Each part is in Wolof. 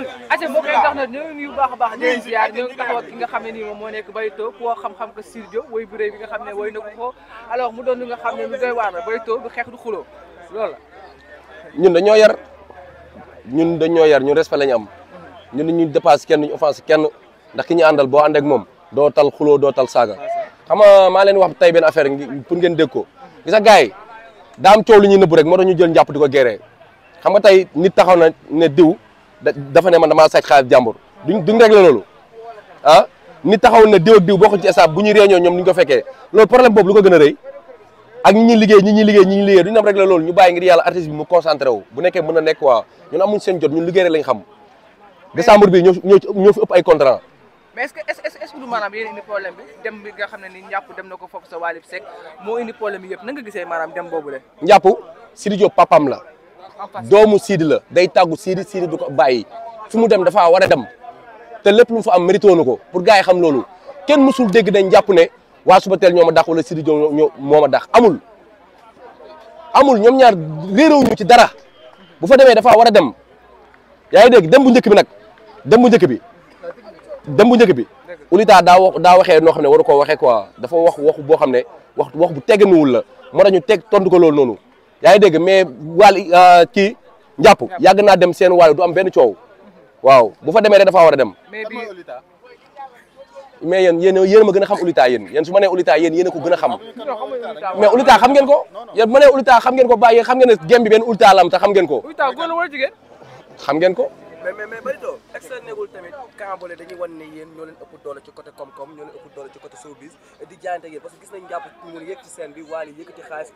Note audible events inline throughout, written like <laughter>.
loolu aca mbokk tax na ñoo a nga xam ne nii moom moo nekk Bayto ku woo xam-xam ko Sir Diop woy bu xam ne woy na ko ko alors mu doon lu xam ne lu doy waar la Bayto du xeex du xuloo loolu ñun dañoo yar ñun dañoo yar ñun respect lañu am ñun dañuy dépasse kenn ñu offense kenn ndax ñu àndal boo ànd moom doo tal xuloo doo saaga xam nga maa leen wax tey benn affaire pour ngeen dégg ko gis nga gars yi daa am coow li ñuy nëbb rek moo tax ñu jël njàpp di ko géré xam nga tey nit taxaw na ne diw dafa ne man damaa sàcc xaalis jàmbur duñ duñ réglé loolu ah ni taxaw ne diw ak diw bokkuñ ci stade bu ñuy réunion ñoom ni ñu ko fekkee loolu problème boobu lu ko gën a rëy ak ñi ñu liggéey ñu ñuy liggéey ñi ñuy liggéey duñ loolu ñu bàyyi ngir yàlla artiste bi mu concentré bu nekkee mën a nekk waa ñun amuñ seen jot ñun liggéey rek lañ xam décembre bi ñoo ñoo fi ëpp ay contrat mais est du maanaam yéen indi problème bi dem bi nga xam ne ni njàpp dem na ko foofu sa Wally Seck moo indi problème maanaam dem boobu le njàpp Sidy Diop la doomu siid la day tàggu Sidi Sidi du ko bàyyi fu mu dem dafaa war a dem te lépp lu mu fa am mérito na ko pour gaa yi xam loolu kenn mësul dégg dañ jàpp ne waa Subatel ñoo ma dàq wala Sidi Diop ñoo moo ma dàq amul. amul ñoom ñaar réerewuñu ci dara bu fa demee dafa war a dem yaa ngi dem bu njëkk bi nag dem bu njëkk bi dem bu njëkk bi Oulita daa wax daa waxee noo xam ne waru koo waxee quoi dafa wax waxu boo xam ne wax wax bu tegganuwul la moo tax ñu teg tondu ko loolu noonu. yaa ngi dégg mais wàll euh, kii njàpp yàgg naa dem seen wàll doom am benn coow waaw bu fa demee dafa war a dem. mais yéen yéen yéen ma gën a xam Oulita yéen su ma nee Oulita yéen yéen a ko gën a xam mais Oulita xam ngeen ko yéen ma nee xam ngeen ko bàyyi xam ngeen ne gem bi benn Oulita ta xam ngeen ko. Oulita góor xam ngeen ko. est-ce que nekkul tamit Cambérène dañuy wan ne yéen ñoo leen ëpp doole ci côté koom-koom ñoo leen ëpp doole ci côté showbiz di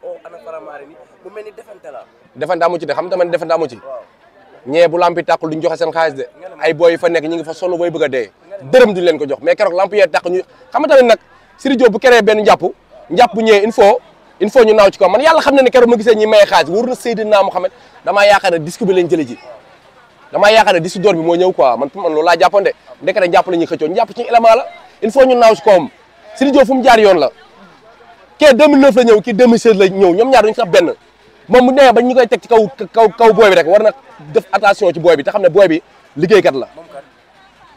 o ana faramaare ni mu mel ni defante la defante de xam tamit defante amu ñee bu lampi tàqul duñ joxe seen xaalis de ay booy fa nekk ñi fa sonn booy bëgg a dee dërëm duñ leen ko jox mais keroog lamp yee tàq xam tamit nag Siri Diop bu keree benn njàpp njàpp ñee il ñu naaw ci kaw man yàlla xam ne keroog ma gisee ñi may xaalis wóor na Seydina Mouhamed damaa yaakaar ne disque bi damaa yaakaar ne di si bi moo ñëw quoi man man loolu laa jàppande ndekk rek jàpp la ñuy xëccoo ñu jàpp ci la il faut ñu naaw si koom Sidi Diop jaar yoon la kee 2009 la ñëw kii 2016 la ñëw ñoom ñaar duñu sax benn moom mu nee ba ñu koy teg ci kaw kaw kaw booy bi rek war na attention ci booy bi te xam ne booy bi liggéeykat la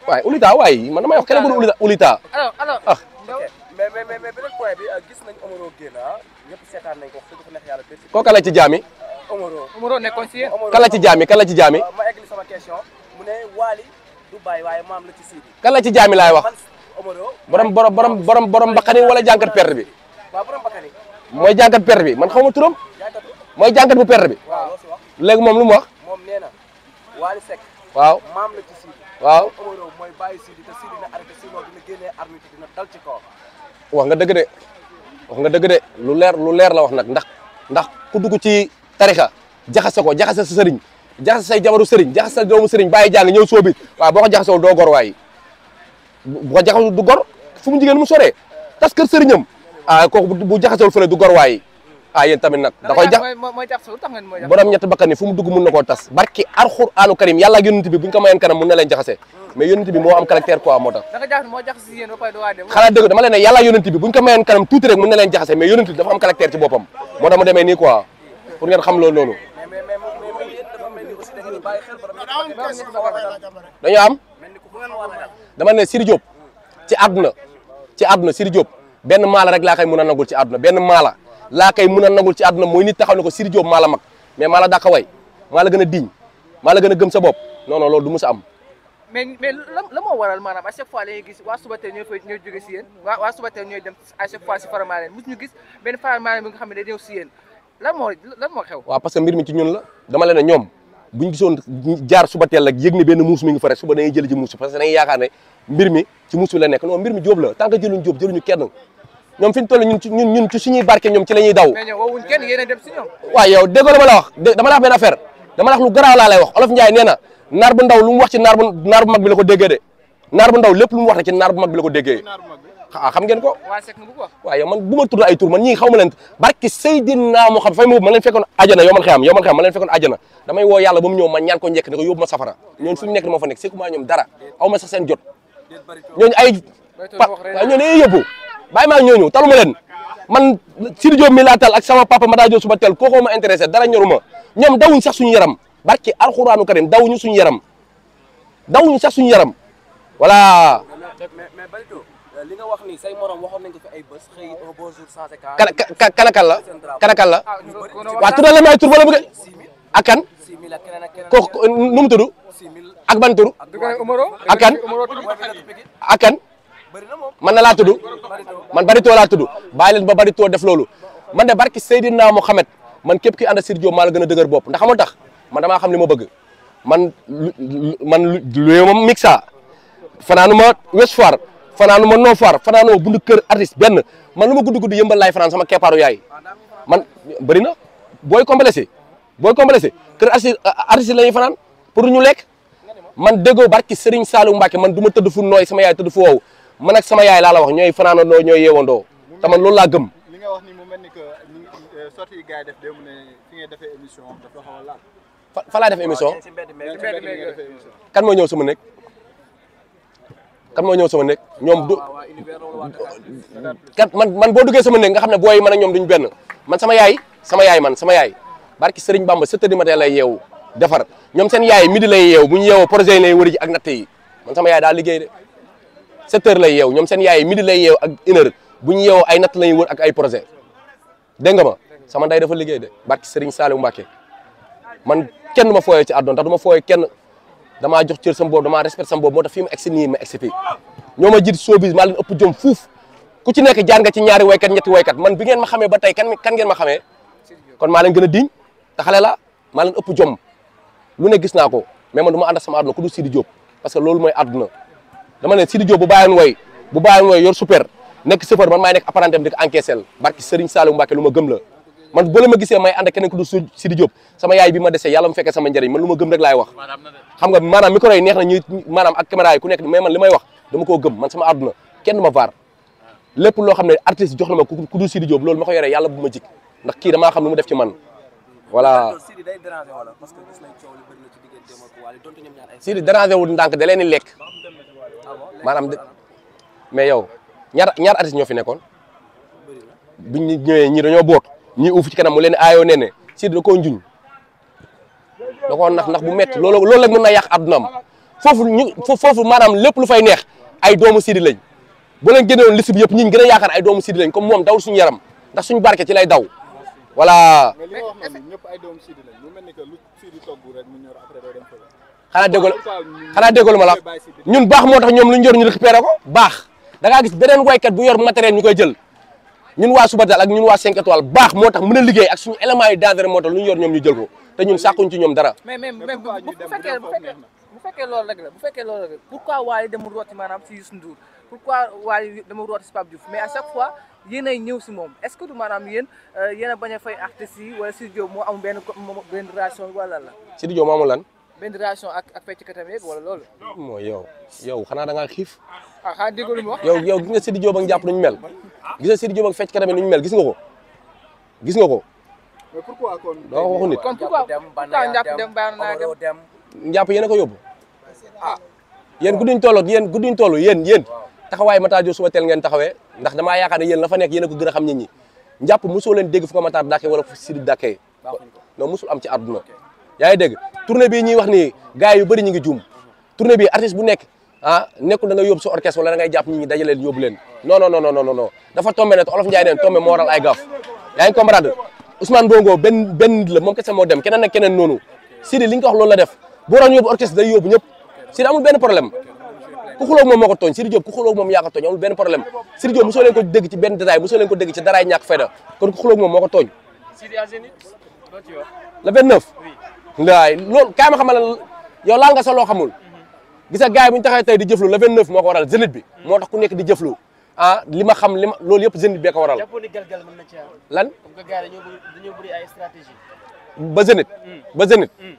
waaye Oulita waaye man damay wax keneen bu dul Oulita ah mais mais mais euh, ko ko la ci jaami Omaro Omaro nekkoon si yéen kala ci jaami kala ci jaami sama question mu ne Wally du waaye maam la ci Sidi. kan la ci jaami laay wax. borom borom borom borom borom Bakari wala jànkat bi. mooy jànkat perte bi man xaw ma turam. mooy jàngat bu perte bi. waaw léegi moom lu mu wax. moom nee na Wally Seck. waaw maam mooy bàyyi Sidi na arrêté ci kaw. wax nga dëgg de nga dëgg lu leer lu leer la wax nag ndax ndax ku dugg ci tarixa jaxase ko jaxase sa sëriñ. jaxase say jabaru sëriñ jaxase sa doomu sëriñ bàyyi jàng ñëw sóobi waaw boo ko jaxasewul doo gor waaye bu ko jaxasewul du gor fu mu jigéen mu soree tas kër sëriñam ah kooku bu jaxasewul du gor waaye ah yéen tamit borom ñetti bakkan yi fu mu dugg mun na koo tas barki alxuraanu karim yàlla ak yonent bi buñ ko kanam mun na jaxase mais yonent bi moo am caractère quoi moo tax xanaa dëgg dama ko mayoon kanam ngeen xam loolu noonu dañoo am dama ne Siri Diop si àdduna ci àdduna Siri Diop benn maala rek laa koy mën a nagul ci àdduna laa koy mën a nagul ci àdduna mooy nit taxaw ne ko Siri Diop maala mag mais maala dàqa way maala gën a diñ maala gën a gëm sa bopp non non loolu du mus a am. mais mais la moo waral maanaam à chaque fois la gis waa Subatel ñooy fay ñooy jóge si yéen waa waa Subatel ñooy dem à chaque fois si Faramaren mos ñu gis benn nga xam ne day ñëw si yéen moo lan moo xew. waaw que mbir mi ci ñun la dama leen ne ñoom bu ñu gisoon jaar suba teel ak yëg ne benn muus mi ngi fare suba dañuy jël ji muus parce que dañuy yaakaar ne mbir mi ci muus la nekk non mbir mi jóob la tant que jëluñ jóob jëluñu kenn ñoom fi ñu toll ñun ñun ñun ci suñuy barke ñoom ci la ñuy daw waaw yow déggoo dama la wax olof Njaay nee na naar bu ndaw lu mu wax ci naar bu naar bu mag bi la ko déggee de naar bu ndaw lépp lu mu wax bu mag la ko déggee ah xam ngeen ko. waa Seck nga bëgg wax. waaw yow man bu ma tudd ay tur man ñii xaw ma leen barki Seydina Muhammad fay ma wóob ma leen fekkoon ajana yow man xeyam yow man xeyam ma leen fekkoon ajana damay ba mu ñëw ma ñaan ko njëkk ne ko yóbbu ma safara nekk moo fa nekk sekkuma dara aw ma sax jot ñooñu ay waaw ñooñu yaram barki alxuraanu karim dawuñu suñu yaram dawuñu sax suñu yaram voilà li nga wax ni say morom waxoon nañ ko fi ay bés xëy un bon jour sans la kan kan la waaw tuddal la may tur wala bëgg ak kan kooku nu mu tudd ak ban tur ak kan man na laa tudd man Barito laa tudd bàyyi leen ba Barito def loolu man de barki mo Mohamed man képp ki ànd ak Sidy Diop maa gën dëgër bopp ndax xamul tax man damaa xam li ma bëgg man man lu ma mixa fanaanu ma Ouest fanaanu ma noo far fanaanoo bundu kër artiste benn man lu ma gudd gudd yëmbal laay fanaan sama keppaaru yaay man bëri na booy complexé booy complexé kër artiste euh, artiste la ñuy fanaan pour ñu lekk man déggoo barki Serigne Saliou Mbacke man du ma tëdd fu nooy sama yaay tëdd fu wow man ak sama yaay laa la wax ñooy fanaanandoo ñooy yeewandoo te man loolu laa gëm. li nga wax ni mu mel ni que euh, sorti yi gars yi def démb ne fi ngay defee fa fa def émission. kan moo ñëw sama nekk. kan moo ñëw sama ne ñoom du kat man man boo duggee sama nekk nga xam ne booy man ñoom duñ benn man sama yaay sama yaay man sama yaay barki Sëriñ Bamba sept heures du matin lay yeewu defar ñoom seen yaay midi lay yeewu bu ñu yeewoo projet yi lay wëri ji ak natt yi man sama yaay daal liggéey de sept lay yeewu ñoom seen yaay midi lay yeewu ak une heure bu ñu yeewoo ay natt lay wër ak ay projet dégg nga ma sama nday dafa liggéey de barki Sëriñ Saliou Mbacke man kenn ma fooyee ci àdduna tax du ma kenn damaa jox cër sama boobu damaa respect sama boobu moo tax fii ma egsi nii ma egsi ñoo ma jiit showbiz maa leen ëpp jom fuuf ku ci nekk jaar nga ci ñaari waykat ñetti waykat man bi ngeen ma xamee ba tey kan kan ngeen ma xamee kon maa leen gën a diñ te xale la maa leen ëpp jom lu ne gis naa ko mais ma ànd ak sama àdduna ku du Sidi Diop parce que loolu mooy àdduna dama ne Sidi Diop bu bàyyoon way bu bàyyoon way yor super nekk chauffeur man maay nekk apparentam di ko encaissel barki lu ma gëm la man bu la ma gisee may ànd ak ku dul Sidi Diop sama yaay bi ma desee yàlla mu fekkee sama njëriñ man lu ma gëm rek laay wax xam nga maanaam micro yi neex na ñu maanaam ak caméra yi ku nekk mais man li may wax dama koo gëm man sama àdduna kenn ma vaar lépp loo xam ne artiste jox na ma ku dul Sidi Diop loolu ma ko yoree yàlla bu ma jik ndax kii damaa xam lu mu def ci man voilà Sidi dérangé wul ndànk da leen di lekk ah, ah, maanaam mais yow ñaar ñaar artiste ñoo fi nekkoon buñ ñëwee ñi dañoo boot ñu uuf ci kanam mu leen aayoo nee ne Sidi da koo njuñ da koo nax ndax bu métti loolu loolu la mën na yàq addunaam foofu ñu foofu maanaam lépp lu fay neex ay doomu Sidi lañ bu leen génnewoon liste yëpp ñi gën a yaakaar ay doomu Sidi lañ comme moom dawul suñu yaram ndax suñu barke lay daw voilà. mais li nga ñëpp ay doomu Sidi lañ mu mel ni que lu Sidi togg rek mu ñor après day ñun baax moo tax ñoom lu ñu yor ñu ko baax da ngaa gis beneen waykat bu yor matériel ñu koy jël ñun waa Subatel ak ñun waa 5 étoiles baax moo tax mën a liggéey ak suñu éléments yi dangereux moo tax lu ñu yor ñoom ñu jël ko te ñun sàkkuñ ci ñoom dara. bu fekkee loolu rek bu fekkee loolu rek la pourquoi Wally demul rooti maanaam si Youssou Ndour pourquoi Wally demul rooti si Pape Diouf mais à chaque fois yéen ay ñëw si moom est-ce que du maanaam yéen euh, yéen a bañ a fay artistes yi wala Sidy Diop moo am la. Sidy Diop moo amul lan. benn relation ak ak wala loolu. mooy yow yow xanaa da ngaa xiif. Ah, yow yow gis nga Sidi Diop ak njàpp nuñ mel. gis nga Sidi Diop ak fecckatam yi nuñ mel gis nga ko gis nga ko. mais pourquoi kon. doo ko waxu nit kon pourquoi pourquoi njàpp dem baax naa dem. njàpp yéen a ko yóbbu. ah yéen gudduñ toll yéen gudduñ yéen yéen. taxawaay Matar Diop suba teel ngeen taxawee ndax damaa yaakaar ne yéen la nekk yéen a ko gën a xam nit ñi njàpp mosoo leen dégg fu ko Matar dàkkee wala fu Sidi dàkkee non mosul am ci àdduna yaa ngi dégg tournée bi ñuy wax nii gars yu bëri ñu ngi juum tournée bii artiste bu nekk ah nekkul da ngay yóbbu sa orchestre wala da ngay jàpp ñi ngi leen non non non non non dafa tombé ne olof Ndiaye neen tombé moo ay gaaf yaa ngi comprendre Ousmane Bongo benn benn nit kese moo dem keneen ak keneen noonu Sidi li nga ko wax loolu la def boo doon yóbbu orchestre day yóbbu ñëpp Sidi amul benn problème ku xuloo moo ko tooñ Sidi Diop ku xuloo moom ko tooñ amul benn problème ndaay loolu kaay ma xamal yow laal nga sa loo xamul gis nga gars yi bu tey di jëflu le 29 moo ko waral zénith bi moo tax ku nekk di jëflu ah li ma xam li ma loolu yëpp zénith bee ko waral. lan. ba zénith. Hmm. ba zénith. Hmm.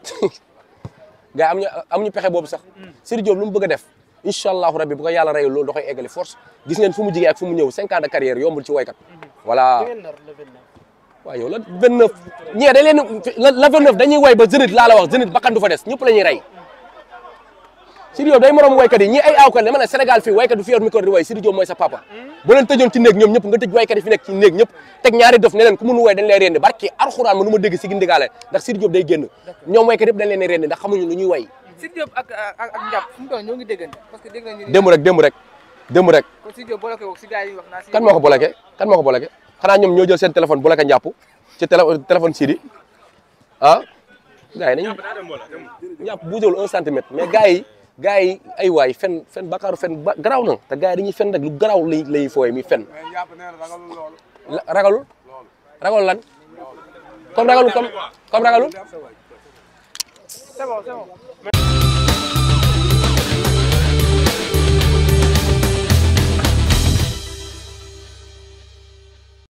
<laughs> gars yi amuñu pexe boobu sax. Hmm. Sidy Diop lu mu bëgg def. incha allahu rabbi bu ko yàlla reyul loolu da force gis ngeen fu mu jigee ak fu mu ñëw cinq ans de carrière yombul ci way voilà. waaw yow la 29 ñee da leen la 29 way ba Zénith laa la wax Zénith bakkan du fa des ñëpp la ñuy rey Sidy Diop day morom waykat yi ñii ay aawkat la ma ne Sénégal fii waykat du fi yor micro di way Sidy Diop nga tëj waykat yi fi nekk ci néeg ñëpp teg ñaari dof ne leen ku mënu way dañ lay rendi barki arxuraan ma nu ma dégg si gindigaale ndax Sidy Diop day génn ñoom waykat yëpp dañ leen rendi ndax xamuñu lu ñuy way Sidy Diop ak ak ak njàpp fu mu ngi dégg nañu démb rek démb rek moo ko bloqué kan xanaa ñoom ñoo jël seen téléphone bu la ko njàpp ci téléphone Sidi ah gars yi nañ njàpp buujowul un centimètre mais gars yi gars yi ay waay fen fen bakaaru fen ba garaaw na te gars yi dañuy fen rek lu garaaw lay lay fooy mi fen ragalul ragalul lan comme ragalul comme comme